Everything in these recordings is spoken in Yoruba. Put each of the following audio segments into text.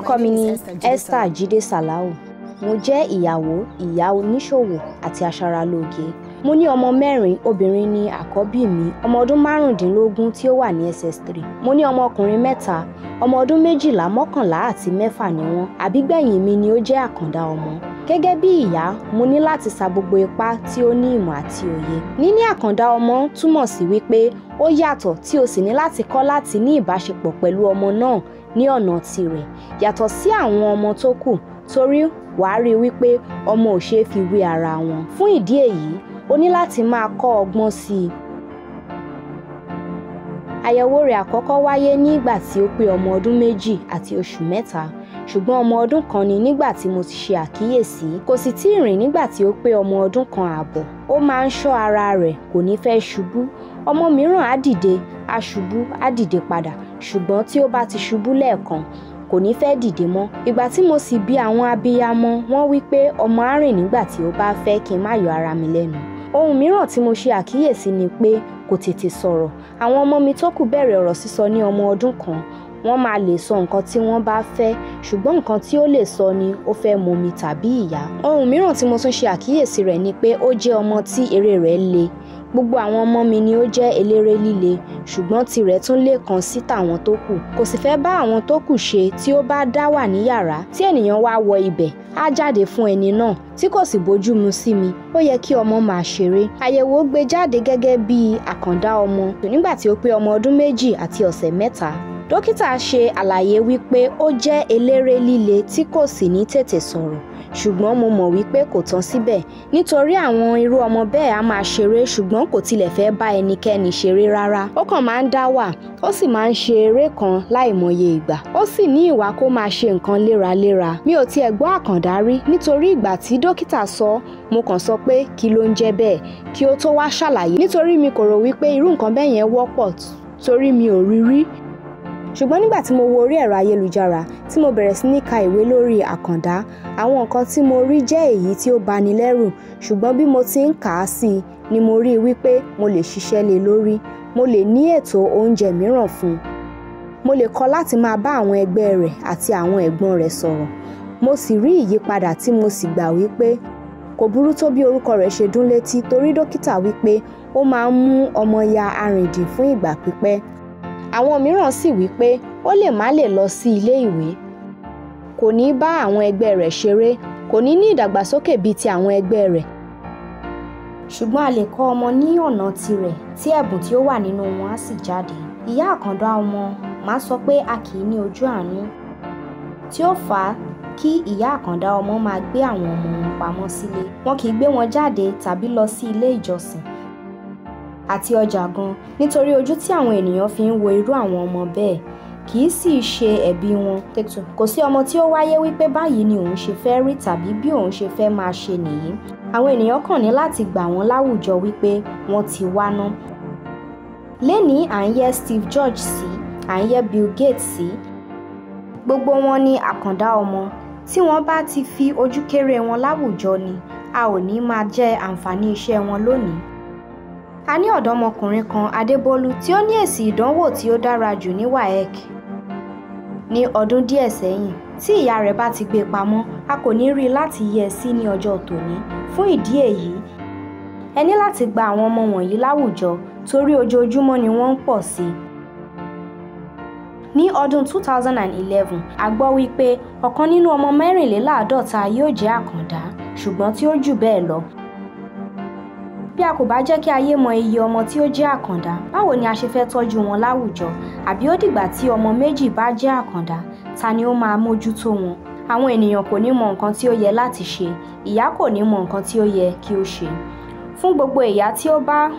orúkọ mi ni Esther Jide Salau mo jẹ́ ìyàwó ìyá oníṣòwò àti aṣaralóge mo ní ọmọ mẹ́rin obìnrin ni àkọ́bí mi ọmọ ọdún márùndínlógún tí ó wà ní ss3 mo ní ọmọkùnrin mẹ́ta ọmọ ọdún méjìlá mọ́kànlá àti mẹ́fà ni wọ́n àbígbẹ̀yìn mi ni ó jẹ́ àkàndá ọmọ gẹ́gẹ́ bí ìyá mo ní láti sa gbogbo ipá tí ó ní ìmọ̀ àti òye níní àkàndá ọmọ túmọ̀ sí wípé ó yàtọ̀ tí o sì ní láti kọ́ láti ní ìbáṣepọ̀ pẹ̀lú ọmọ náà ní ọ̀nà tirẹ̀ yàtọ̀ sí àwọn ọmọ tó kù torí wàá rí wípé ọmọ ò ṣeé fi wé ara wọn fún ìdí èyí o ní láti máa kọ́ ọgbọ́n sí i. àyẹ̀wò rẹ̀ àkọ́kọ́ wáyé ní ìgbà tí ó pé ọmọ ọdún méjì àti oṣù mẹ́ta ṣùgbọ́n ọmọ ọdún kan ni nígbà tí mo ti ṣe àkíyèsí kò sì tí ì rìn nígbà tí ó pé ọmọ ọdún kan ààbọ̀ ó máa ń ṣọ́ ara rẹ̀ kò ní fẹ́ ṣubú ọmọ mìíràn á dìde á ṣubú á dìde padà ṣùgbọ́n tí ó bá ti ṣubú lẹ́ẹ̀kan kò ní fẹ́ dìde mọ́ ìgbà tí mo sì bi àwọn abiyamọ wọ́n wí pé ọmọ á rìn nígbà tí ó bá fẹ́ kí n má yọ ara mi lẹ́nu ohun mìíràn tí mo ṣe àkíyèsí ni pé kò tètè sọ̀rọ̀ àwọn ọmọ mi tó kù bẹ̀rẹ̀ ọ̀rọ̀ sísọ ní ọmọ ọdún kan wọ́n máa lè sọ nǹkan tí wọ́n bá fẹ́ ṣùgbọ́n nǹkan tí ó lè sọ ni ó fẹ́ momi tàbí ìyá. ohun mìíràn tí mo tún ṣe àkíyèsí rẹ̀ ni pé ó jẹ́ ọmọ tí eré rẹ̀ le gbogbo àwọn ọmọ mi ni ó jẹ́ eléré líle ṣùgbọ́n tirẹ̀ tún lè kàn sí tàwọn tó kù kò sì fẹ́ bá àwọn tó kù ṣe tí ó bá dá wà ní yàrá tí ènìyàn wá wọ ibẹ̀ á jáde fún ẹni náà tí kò sì bójú mu sí mi ó yẹ kí ọmọ máa ṣeré àyẹ̀wò gbé jáde gẹ́gẹ́ bí àkàndá ọmọ nígbà tí ó pé ọmọ ọdún méjì àti ọ̀sẹ̀ mẹ́ta dókítà ṣe àlàyé wípé ó jẹ́ eléré líle tí kò sì ní tètè sọ̀rọ̀ ṣùgbọ́n mo mọ̀ wípé kò tán síbẹ̀ nítorí àwọn irú ọmọ bẹ́ẹ̀ á máa ṣeré ṣùgbọ́n kò tilẹ̀ fẹ́ bá ẹnikẹ́ni ṣeré rárá ó kàn máa ń dá wà ó sì máa ń ṣe eré kan láìmọye ìgbà ó sì ní ìwà kó máa ṣe nǹkan léraléra mi ò tiẹ̀ gbọ́ àkàndá rí nítorí ìgbà tí dókítà sọ mo kàn sọ pé kí ló ń jẹ́ bẹ́ẹ̀ kí ó tó wá ṣàlàyé nítorí mi kò rò wípé irú nǹkan bẹ́ẹ̀ yẹn wọ́pọ̀ torí mi ò rí rí ṣùgbọ́n nígbà tí mo wo orí ẹ̀rọ ayélujára tí mo bẹ̀rẹ̀ sí ní ka ìwé lórí àkàndá àwọn nǹkan tí mo rí jẹ́ èyí tí ó bani lẹ́rù ṣùgbọ́n bí mo ti ń kà á sí i ni mo rí i wípé mo lè ṣiṣẹ́ lé lórí mo lè ní ètò oúnjẹ mìíràn fún un mo lè kọ́ láti máa bá àwọn ẹgbẹ́ rẹ̀ àti àwọn ẹ̀gbọ́n rẹ̀ sọ̀rọ̀ mo sì rí ìyípadà tí mo sì gbà wípé kò burú tó bí orúkọ rẹ̀ ṣe dún létí torí dókítà wípé ó máa ń mú ọmọ ya arìndìn fún ìgbà pípẹ́ àwọn mìíràn sì wí pé ó lè má lè lọ sí ilé ìwé kò ní bá àwọn ẹgbẹ́ rẹ̀ ṣeré kò ní ní ìdàgbàsókè bíi ti àwọn ẹgbẹ́ rẹ̀ ṣùgbọ́n a lè kọ́ ọmọ ní ọ̀nà tirẹ̀ tí ẹ̀bùn tí ó wà nínú wọn á sì jáde ìyá àkàndá ọmọ máa sọ pé a kì í ní ojú àánú tí ó fà á kí ìyá àkàndá ọmọ máa gbé àwọn ọmọ wọn pamọ́ sílé wọn kì í gbé wọn jáde tàbí lọ sí ilé ìjọsìn àti ọjà gan nítorí ojú tí àwọn ènìyàn fi ń wo irú àwọn ọmọ bẹ́ẹ̀ kì í sì ṣe ẹ̀bi wọn. kò sí ọmọ tí ó wáyé wípé báyìí ni òun ṣe fẹ́ rí tàbí bí òun ṣe fẹ́ máa ṣe nìyí. àwọn ènìyàn kàn ní láti gbà wọ́n láwùjọ wípé wọ́n ti wá ná. lénìí à ń yẹ Steve George sí à ń yẹ Bill Gates sí gbogbo wọn ni àkàndá ọmọ tí wọ́n bá ti fi ojú kéré wọn láwùjọ ni a ò ní máa jẹ àǹfààní iṣẹ́ wọn lónìí a ní ọ̀dọ́mọkùnrin kan Adébólú tí ó ní èsì ìdánwò tí ó dára jù ní WAEC ní ọdún díẹ̀ sẹ́yìn tí ìyá rẹ̀ bá ti gbé e pamọ́ a kò ní rí i láti yẹ sí ní ọjọ́ tòní fún ìdí èyí ẹ ní láti gba àwọn ọmọ wọ̀nyí láwùjọ torí ojoojúmọ́ ni wọ́n ń pọ̀ sí i ní ọdún 2011 a gbọ́ wípé ọ̀kan nínú ọmọ mẹ́rìnléláàádọ́ta yóò jẹ́ àkàndá ṣùgbọ́n tí ó jù bẹ́ẹ̀ lọ bí a kò bá jẹ́ kí ayé mọ iye ọmọ tí ó jẹ́ àkàndá báwo ni a ṣe fẹ́ tọ́jú wọn láwùjọ àbí ó dìgbà tí ọmọ méjì bá jẹ́ àkàndá ta ni ó máa mójútó wọn àwọn ènìyàn kò ní mọ nǹkan tí ó yẹ láti ṣe ìyá kò ní mọ nǹkan tí ó yẹ kí ó ṣe fún gbogbo ìyá tí ó bá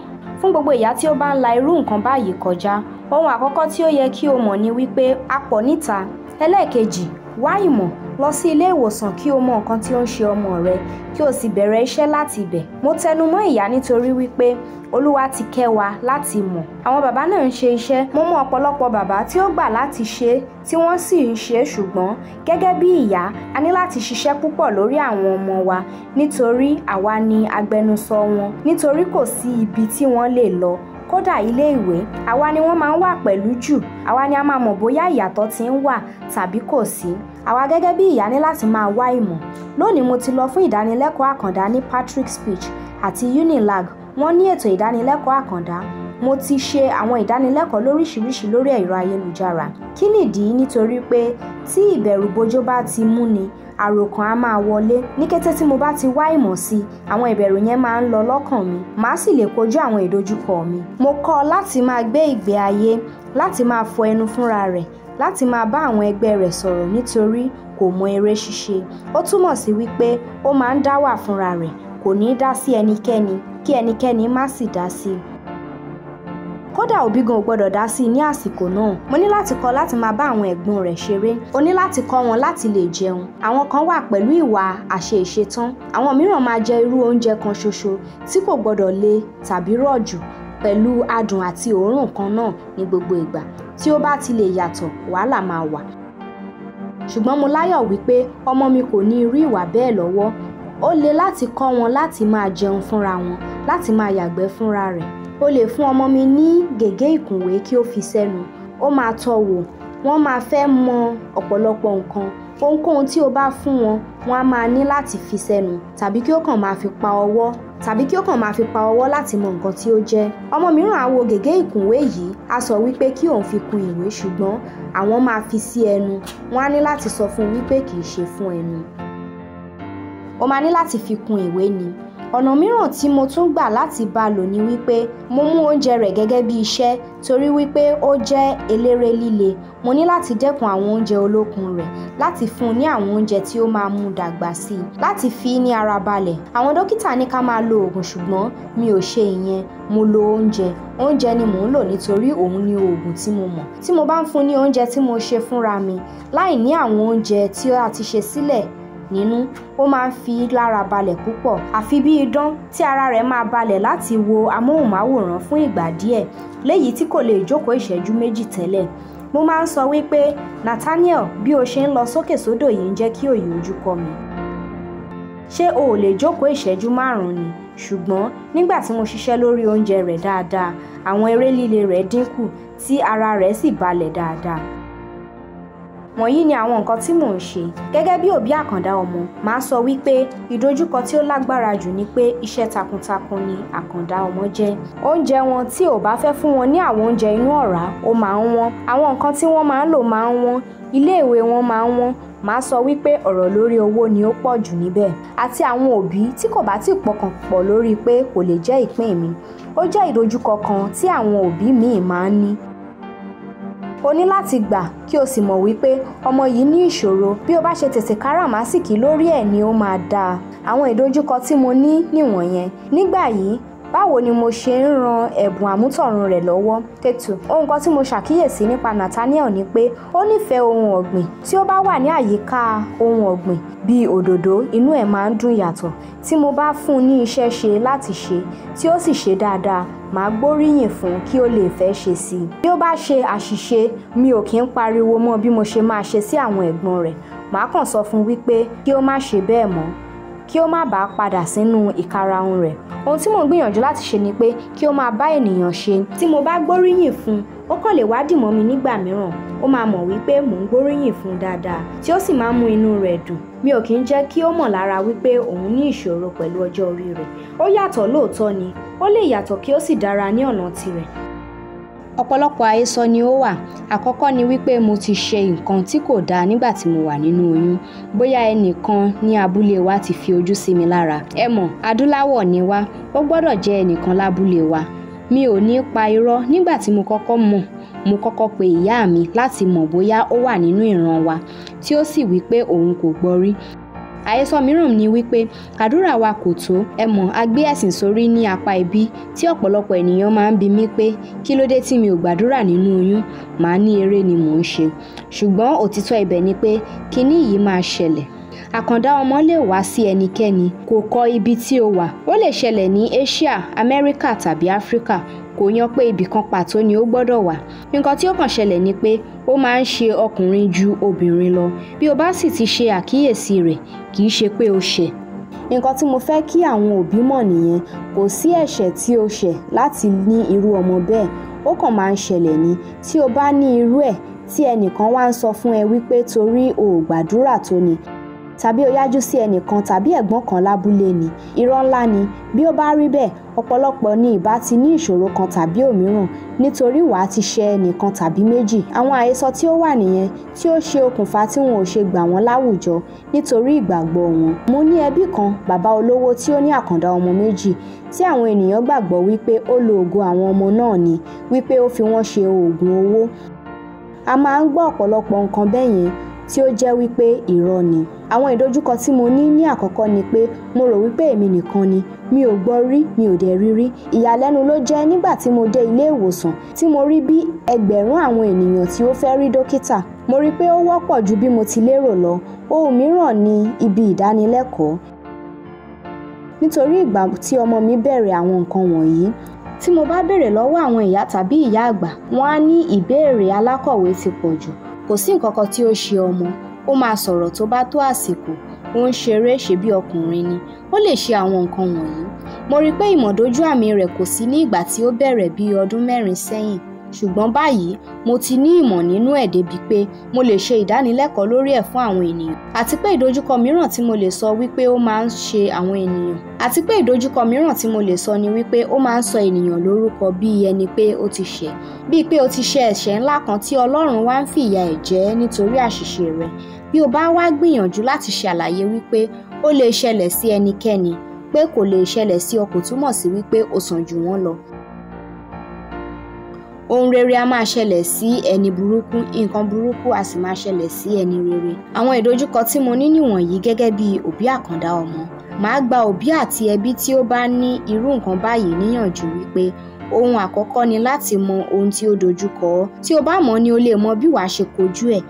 fún gbogbo ìyá tí ó bá ń la irú nǹkan báyìí kọjá ohun àkọ́kọ́ tí ó yẹ kí o mọ̀ ni wípé a pọ̀ níta ẹlẹ́ẹ̀kejì wá ìmọ̀ lọ sí ilé ìwòsàn kí o mọ nǹkan tí ó ń ṣe ọmọ rẹ kí o sì bẹ̀rẹ̀ iṣẹ́ láti ibẹ̀. mo tẹnu mọ́ ìyá nítorí wípé olúwa ti kẹ́ wa láti mọ̀. àwọn bàbá náà ń ṣe iṣẹ́ mo mọ ọ̀pọ̀lọpọ̀ bàbá tí ó gbà láti ṣe tí wọ́n sì ń ṣe ṣùgbọ́n gẹ́gẹ́ bí ìyá a ní láti ṣiṣẹ́ púpọ̀ lórí àwọn ọmọ wa nítorí àwa ni agbẹnusọ wọn nítorí kò sí ibi tí wọ́n lè lọ kódà ilé ìwé àwa ni wọ́n máa ń wà pẹ̀lú jù àwa ni a máa mọ̀ bóyá ìyàtọ̀ ti ń wà tàbí kò sí àwa gẹ́gẹ́ bí ìyá ní láti máa wá ìmọ̀ lónìí mo ti lọ fún ìdánilẹ́kọ̀ọ́ àkàndá ní Patrick speech àti Unilag wọ́n ní ètò ìdánilẹ́kọ̀ọ́ àkàndá mo ti ṣe àwọn ìdánilẹ́kọ̀ọ́ lóríṣiríṣi lórí ẹ̀rọ ayélujára kí nìdí nítorí pé tí ìbẹ̀rùbojo bá ti mú ni àròkàn á máa wọlé ní kété tí mo bá ti wá ìmọ̀ sí i àwọn ìbẹ̀rù yẹn máa ń lọ lọ́kàn mi màá sì lè kojú àwọn ìdojúkọ mi. mo kọ́ láti máa gbé ìgbé ayé láti máa fọ ẹnu fúnra rẹ̀ láti máa bá àwọn ẹgbẹ́ rẹ̀ sọ̀rọ̀ nítorí kò mọ eré ṣíṣe ó túmọ̀ sí wípé ó máa ń dá fúnra rẹ̀ kò ní í dá sí ẹnikẹ́ni kí ẹnikẹ́ni má sì dá sí i kódà òbí gan ò gbọdọ̀ dá sí i ní àsìkò náà mo ní láti kọ́ láti máa bá àwọn ẹ̀gbọ́n rẹ̀ ṣeré o ní láti kọ́ wọn láti lè jẹun àwọn kan wà pẹ̀lú ìwà àṣe ìṣetán àwọn mìíràn máa jẹ irú oúnjẹ kan ṣoṣo tí kò gbọdọ̀ le tàbí rọ̀ jù pẹ̀lú adùn àti òórùn kan náà ní gbogbo ìgbà tí ó bá ti lè yàtọ̀ wàhálà máa wà ṣùgbọ́n mo láyọ̀ wípé ọmọ mi kò ní irú ìwà bẹ́ẹ̀ lọ́wọ́ ó le láti kọ́ wọn láti máa jẹun fúnra wọn láti máa yàgbẹ́ fúnra rẹ̀ o lè fún ọmọ mi ní gègé ìkùnwé kí ó fi sẹ́nu ó máa tọ́ wò wọ́n máa fẹ́ mọ ọ̀pọ̀lọpọ̀ nǹkan ohunkóhun tí o bá fún wọn wọn á máa ní láti fi sẹ́nu tàbí kí ó kàn máa fi pa ọwọ́ tàbí kí ó kàn máa fi pa ọwọ́ láti mọ nǹkan tí ó jẹ́ ọmọ mìíràn á wo gègé ìkùnwé yìí á sọ wípé kí òun fi kun ìwé ṣùgbọ́n àwọn máa fi sí ẹnu wọn á ní láti sọ fún un wípé kì í ṣe fún ẹnu o máa ní láti fi kun ìwé ni ọ̀nà mìíràn tí mo tún gbà láti bá a lò ni wípé mo mú oúnjẹ rẹ̀ gẹ́gẹ́ bí iṣẹ́ torí wípé ó jẹ́ eléré líle mo ní láti dẹ́kun àwọn oúnjẹ olókun rẹ̀ láti fún un ní àwọn oúnjẹ tí ó máa mú dàgbà sí i láti fi ní ara balẹ̀ àwọn dókítà ní ká máa lo oògùn ṣùgbọ́n mi ò ṣe ìyẹn mo lo oúnjẹ oúnjẹ ni mò ń lò nítorí òun ni oògùn tí mo mọ̀ tí mo bá ń fún ní oúnjẹ tí mo ṣe fúnra mi láì ní àwọn oúnjẹ tí a ti ṣe sílẹ̀ nínú ó máa ń fi lára balẹ̀ púpọ̀ àfi bí idán tí ara rẹ̀ máa balẹ̀ láti wo amóhùnmáwòrán fún ìgbà díẹ̀ léyìí tí kò lè jókòó ìṣẹ́jú méjì tẹ́lẹ̀ mo máa ń sọ wípé Nathaniel bí o ṣe ń lọ sókè sódò yìí ń jẹ́ kí òye ojú kọ mi ṣé o ò lè jókòó ìṣẹ́jú márùn-ún ni ṣùgbọ́n nígbà tí mo ṣiṣẹ́ lórí oúnjẹ rẹ̀ dáadáa àwọn eré líle rẹ̀ dínkù tí ara rẹ̀ sì balẹ̀ dáadáa wọ̀nyí ni àwọn nǹkan tí mò ń ṣe gẹ́gẹ́ bí òbí àkàndá ọmọ màá sọ wípé ìdojúkọ tí ó lágbára jù ni pé iṣẹ́ takuntakun ni àkàndá ọmọ jẹ́ oúnjẹ wọn tí ò bá fẹ́ fún wọn ní àwọn oúnjẹ inú ọ̀rá ó máa ń wọ́n àwọn nǹkan tí wọ́n máa ń lò máa ń wọ́n iléèwé wọn máa ń wọ́n màá sọ wípé ọ̀rọ̀ lórí owó ni ó pọ̀ jù níbẹ̀ àti àwọn òbí tí kò bá ti pọkàn pọ̀ lórí pé kò lè jẹ́ ìpín mi ó jẹ́ ìdojúkọ kan tí àwọn òbí míì máa ń ní o ní láti gbà kí o sì mọ̀ wípé ọmọ yìí ní ìṣòro bí o bá ṣe tètè káràmásìkì lórí ẹ̀ ni ó máa dáa àwọn ìdojúkọ tí mo ní nìwọ̀nyẹn nígbà yìí báwo ni mo ṣe ń ran ẹ̀bùn àmútọ̀run rẹ̀ lọ́wọ́ tètù ohun kan tí mo ṣàkíyèsí nípa Nathaniel ni pé ó nífẹ̀ẹ́ ohun ọ̀gbìn tí ó bá wà ní àyíká ohun ọ̀gbìn bíi òdòdó inú ẹ̀ máa ń dùn yàtọ̀ tí mo bá fún un ní iṣẹ́ ṣe láti ṣe tí ó sì ṣe dáadáa màá gbóríyìn fún kí ó lè fẹ́ ṣe sí i. bí ó bá ṣe àṣìṣe mi ò kí ń pariwo mọ́ bí mo ṣe máa ṣe sí àwọn ẹ̀gbọ́n rẹ̀ màá kàn sọ fún wípé kí ó má ṣe bẹ́ẹ̀ mọ́ kí ó má bàa padà sínú ìkarahun rẹ̀ ohun tí mò ń gbìyànjú láti ṣe ni pé kí ó máa bá ènìyàn ṣe tí mo bá gbóríyìn fún un ó kàn lè wádìí mọ́ mi nígbà mìíràn ó máa mọ̀ wípé mò ń gbóríyìn fún un dáadáa tí ó sì máa ń mú inú rẹ̀ dùn mi ò kì í jẹ́ kí ó mọ̀ lára wípé òun ní ìṣòro pẹ̀lú ọjọ́ orí rẹ̀ ó yàtọ̀ lóòótọ́ ni ó lè yàtọ̀ kí ó sì dára ní ọ̀nà tirẹ̀ ọ̀pọ̀lọpọ̀ àhesọ ni ó wà àkọ́kọ́ ni wípé mo ti ṣe nǹkan tí kò dáa nígbà tí mo wà nínú oyún bóyá ẹnìkan ní abúlé wa ti fi ojú sí mi lára ẹ mọ̀ adúláwọ̀ ni wá ó gbọ́dọ̀ jẹ́ ẹnìkan lábúlé wa mi ò ní pa irọ́ nígbà tí mo kọ́kọ́ mọ̀ mo kọ́kọ́ pe ìyá mi láti mọ̀ bóyá ó wà nínú ìran wa tí ó sì wí pé òun kò gbọ́ àhesọ mìíràn ni wípé àdúrà wa kò tó ẹ mọ̀ a gbé ẹ̀sìn sórí ní apá ibi tí ọ̀pọ̀lọpọ̀ ènìyàn máa ń bi mí pé kí ló dé tí mi ò gbàdúrà nínú oyún màá ní eré ni mò ń ṣe ṣùgbọ́n òtítọ́ ibẹ̀ ni pé kinní yìí máa ṣẹlẹ̀ àkàndá ọmọ lè wá sí ẹnikẹ́ni kò kọ ibi tí o wà ó lè ṣẹlẹ̀ ní Asia Amẹ́ríkà tàbí Áfíríkà kò yan pé ibì pàtó ni ó gbọ́dọ̀ wà nǹkan tí ó kàn ṣẹlẹ̀ ni pé ó máa ń ṣe ọkùnrin ju obìnrin lọ bí o bá sì ti ṣe àkíyèsí rẹ̀ kì í ṣe pé o ṣẹ̀ nǹkan tí mo fẹ́ kí àwọn òbí mọ̀ nìyẹn kò sí ẹ̀ṣẹ̀ tí o ṣẹ̀ láti ní irú ọmọ bẹ́ẹ̀ ó kàn máa ń ṣẹlẹ̀ ni tí o bá ní irú ẹ̀ tí ẹnìkan wá ń sọ fún ẹ wípé torí o ò gbàdúrà tó ni tàbí ó yájú sí ẹnìkan tàbí ẹ̀gbọ́n kan lábúlé ni irọ́ ńlá ni bí ó bá rí bẹ́ẹ̀ ọ̀pọ̀lọpọ̀ ni ìbá ti ní ìṣòro kan tàbí òmíràn nítorí wàá ti ṣe ẹnìkan tàbí méjì àwọn àhesọ tí ó wà nìyẹn tí ó ṣe okùnfà tí wọn ò ṣe gbà wọ́n láwùjọ nítorí ìgbàgbọ́ wọn. mo ní ẹbí kan bàbá olówó tí ó ní àkàndá ọmọ méjì tí àwọn ènìyàn gbàgbọ́ wípé ó lo oògùn àwọn ọmọ náà ni wípé ó fi wọ́n ṣe oògùn owó a máa ń gbọ́ ọ̀pọ̀lọpọ̀ nǹkan bẹ́yẹn tí ó jẹ́ wípé irọ́ ni. àwọn ìdojúkọ tí mo ní ní àkọ́kọ́ ni pé mo rò wípé èmi nìkan ni mi ò gbọ́ rí mi ò dẹ̀ rí rí ìyàlẹ́nu ló jẹ́ nígbà tí mo dé ilé ìwòsàn tí mo rí bí ẹgbẹ̀rún àwọn ènìyàn tí ó fẹ́ rí dókítà mo rí pé ó wọ́pọ̀ ju bí mo ti lérò lọ ohun mìíràn ni ibi ìdánilẹ́kọ̀ọ́ nítorí ìgbà tí ọmọ mi bẹ̀rẹ̀ àwọn nǹkan wọ̀nyí tí mo bá béèrè lọ́wọ́ àwọn ìyá tàbí ìyá àgbà wọ́n á ní ìbéèrè alákọ̀wé ti pọ̀ jù kò sí nǹkan kan tí ó ṣe ọmọ ó máa sọ̀rọ̀ tó bá tó àsìkò ó ń ṣeré ṣebí ọkùnrin ni ó lè ṣe àwọn nǹkan wọ̀nyí mo rí i pé ìmọ̀dójú àmì rẹ̀ kò sí ní ìgbà tí ó bẹ̀rẹ̀ bí ọdún mẹ́rin sẹ́yìn ṣùgbọ́n báyìí mo ti ní ìmọ̀ nínú ẹ̀ débi pé mo lè ṣe ìdánilẹ́kọ̀ọ́ lórí ẹ̀ fún àwọn ènìyàn àti pé ìdojúkọ mìíràn tí mo lè sọ wípé ó máa ń ṣe àwọn ènìyàn àti pé ìdojúkọ mìíràn tí mo lè sọ ni wípé ó máa ń sọ ènìyàn lórúkọ bíi ẹni pé ó ti ṣẹ̀ bíi pé ó ti ṣe ẹ̀ṣẹ̀ ńlá kan tí Ọlọ́run wá ń fìyà ẹ̀ jẹ nítorí àṣìṣe rẹ bí o bá wá gbìyànjú láti ṣàlàyé wípé ó lè ṣẹlẹ̀ sí ẹnikẹ́ni pé kò lè ṣẹlẹ̀ sí ọ túmọ̀ sí wípé o sàn jù wọ́n lọ ohun rere a máa ṣẹlẹ̀ sí ẹni burúkú nǹkan burúkú a sì máa ṣẹlẹ̀ sí ẹni rere àwọn ìdojúkọ tí mo ní nìwọ̀nyí gẹ́gẹ́ bí òbí àkàndá ọmọ màá gba òbí àti ẹbí tí ó bá ní irú nǹkan báyìí níyànjú wípé ohun àkọ́kọ́ ni láti mọ ohun tí ó dojúkọ ọ́ tí o bá mọ̀ ni o lè mọ bí wàá ṣe kojú ẹ̀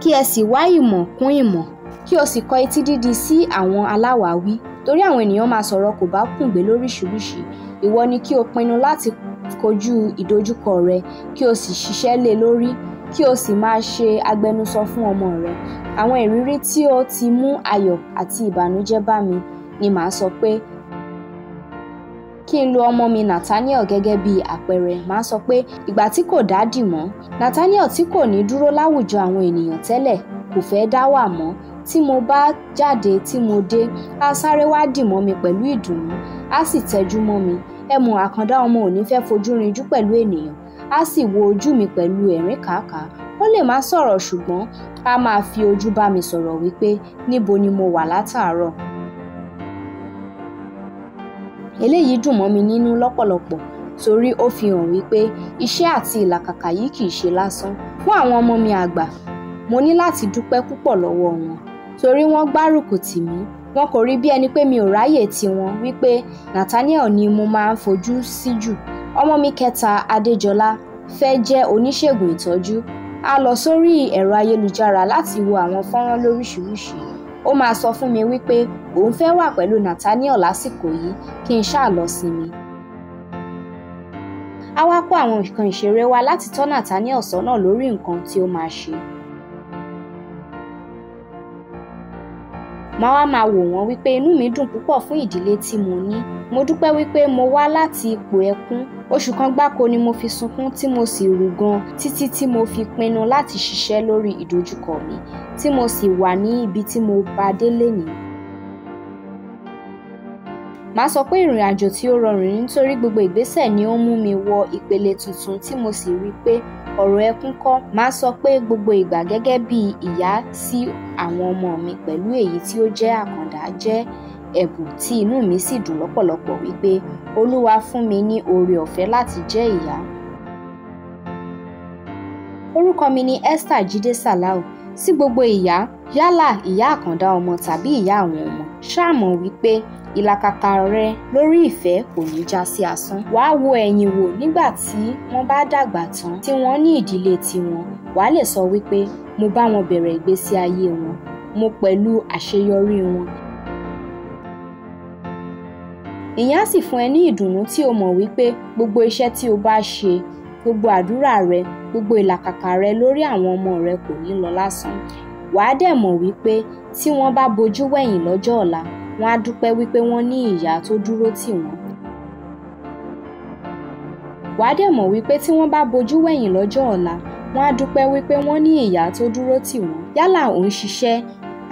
kí ẹ sì wá ìmọ̀ kún ìmọ̀ kí o sì kọ etí dídi sí àwọn aláwàáwí torí àwọn ènìyàn máa sọ̀rọ̀ kò bá kùngbé lóríṣiríṣi ìwọ ni kí o pinnu láti kojú ìdojúkọ rẹ kí o sì ṣiṣẹ́ lé lórí kí o sì máa ṣe agbẹnusọ fún ọmọ rẹ àwọn ìrírí tí ó ti mú ayọ̀ àti ìbànújẹ́ bá mi ni màá sọ pé kí n lo ọmọ mi Nathaniel gẹ́gẹ́ bí àpẹẹrẹ màá sọ pé ìgbà tí kò dádì mọ́ Nathaniel tí kò ní dúró láwùjọ àwọn ènìyàn tẹ́lẹ̀ kò fẹ́ dá wà mọ́ tí mo bá jáde tí mo dé á sáré wá dì mọ́ mi pẹ̀lú ìdùnnú á sì tẹjú mọ́ mi ẹ mọ̀ àkàndá ọmọ ò ní fẹ́ fojú rinjú pẹ̀lú ènìyàn á sì wo ojú mi pẹ̀lú ẹ̀rín kàákàá ó lè má sọ̀rọ̀ ṣùgbọ́n á máa fi ojú bá mi sọ̀rọ̀ wípé níbo ni mo wà látàárọ̀ eléyìí dùn mọ́ mi nínú lọ́pọ̀lọpọ̀ torí ó fi hàn wípé iṣẹ́ àti ìlàkàkà yìí kìí ṣe lásán fún àwọn ọmọ mi àgbà mo ní láti dúpẹ́ púpọ̀ lọ́wọ́ wọn torí wọ́n gbárùkù tì mí wọn kò rí bí ẹni pé mi ò ráyè tiwọn wípé Nathaniel ni mo máa ń fojú sí jù ọmọ mi kẹta Adéjọlá fẹ́ jẹ́ oníṣègùn ìtọ́jú a lọ sórí ẹ̀rọ ayélujára láti wo àwọn fọ́nrán lóríṣiríṣi ó máa sọ fún mi wípé òun fẹ́ wà pẹ̀lú Nathaniel lásìkò yìí kí n ṣáà lọ sinmi a wá kó àwọn nǹkan ìṣeré wa láti tọ́ Nathaniel sọ́nà lórí nǹkan tí ó máa ṣe màá wá máa wò wọ́n wípé inú mi dùn púpọ̀ fún ìdílé tí mo ní mo dúpẹ́ wípé mo wá láti ipò ẹkún oṣù kan gbáko ni mo fi sunkún tí mo sì rù gan títí tí mo fi pinnu láti ṣiṣẹ́ lórí ìdojúkọ mi tí mo sì wà ní ibi tí mo bá dé lénìí màá sọ pé ìrìn àjò tí ó rọrùn nítorí gbogbo ìgbésẹ̀ ni ó mú mi wọ ìpele tuntun tí mo sì rí i pé ọ̀rọ̀ ẹkún kọ́ màá sọ pé gbogbo ìgbà gẹ́gẹ́ bí ìyá sí àwọn ọmọ mi pẹ̀lú èyí tí ó jẹ́ àkàndá jẹ́ ẹ̀bùn tí inú mi sì dùn lọ́pọ̀lọpọ̀ wípé olúwa fún mi ní oore ọ̀fẹ́ láti jẹ́ ìyá. orúkọ mi ni Esther Jídé Salau sí gbogbo ìyá yálà ìyá àkàndá ọmọ tàbí ìyá àwọn ọmọ ṣáà mọ̀ wípé ìlàkàkà rẹ lórí ìfẹ́ kò ní já sí asán. wàá wo ẹ̀yìn wò nígbà tí wọ́n bá dàgbà tán tí wọ́n ní ìdílé tiwọn wàá lè sọ wípé mo bá wọn bẹ̀rẹ̀ ìgbésí ayé wọn mo pẹ̀lú àṣeyọrí wọn. ìyẹn sì fún ẹ ní ìdùnnú tí o mọ̀ wípé gbogbo iṣẹ́ tí o bá ṣe gbogbo àdúrà rẹ gbogbo ìlàkàkà rẹ lórí àwọn ọmọ rẹ kò ní lọ lásán wàá dẹ̀ mọ̀ wípé tí wọ́n bá bojú wẹ̀yìn lọ́jọ́ ọ̀la wọ́n á dúpẹ́ wípé wọ́n ní ìyá tó dúró tì wọ́n. wàá dẹ̀ mọ̀ wípé tí wọ́n bá bojú wẹ̀yìn lọ́jọ́ ọ̀la wọ́n á dúpẹ́ wípé wọ́n ní ìyá tó dúró tì wọ́n yálà ò ń ṣiṣẹ́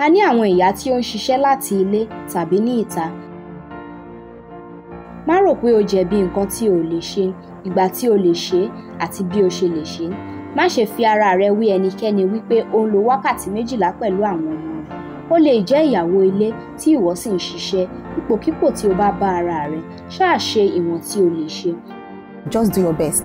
a ní àwọn ìyá tí ó ń ṣiṣẹ́ láti ilé tàbí ní ìta má rò pé o jẹ̀bi nǹkan tí o lè ṣe ìgbà tí o lè ṣe àti bí o ṣe lè ṣe má ṣe fi ara rẹ wí ẹnikẹ́ni wípé o ń lo wákàtí méjìlá pẹ̀lú àwọn ọmọ rẹ ó lè jẹ́ ìyàwó ilé tí ìwọ sì ń ṣiṣẹ́ ipòkípò tí o bá bá ara rẹ ṣáà ṣe ìwọ̀n tí o lè ṣe. just do your best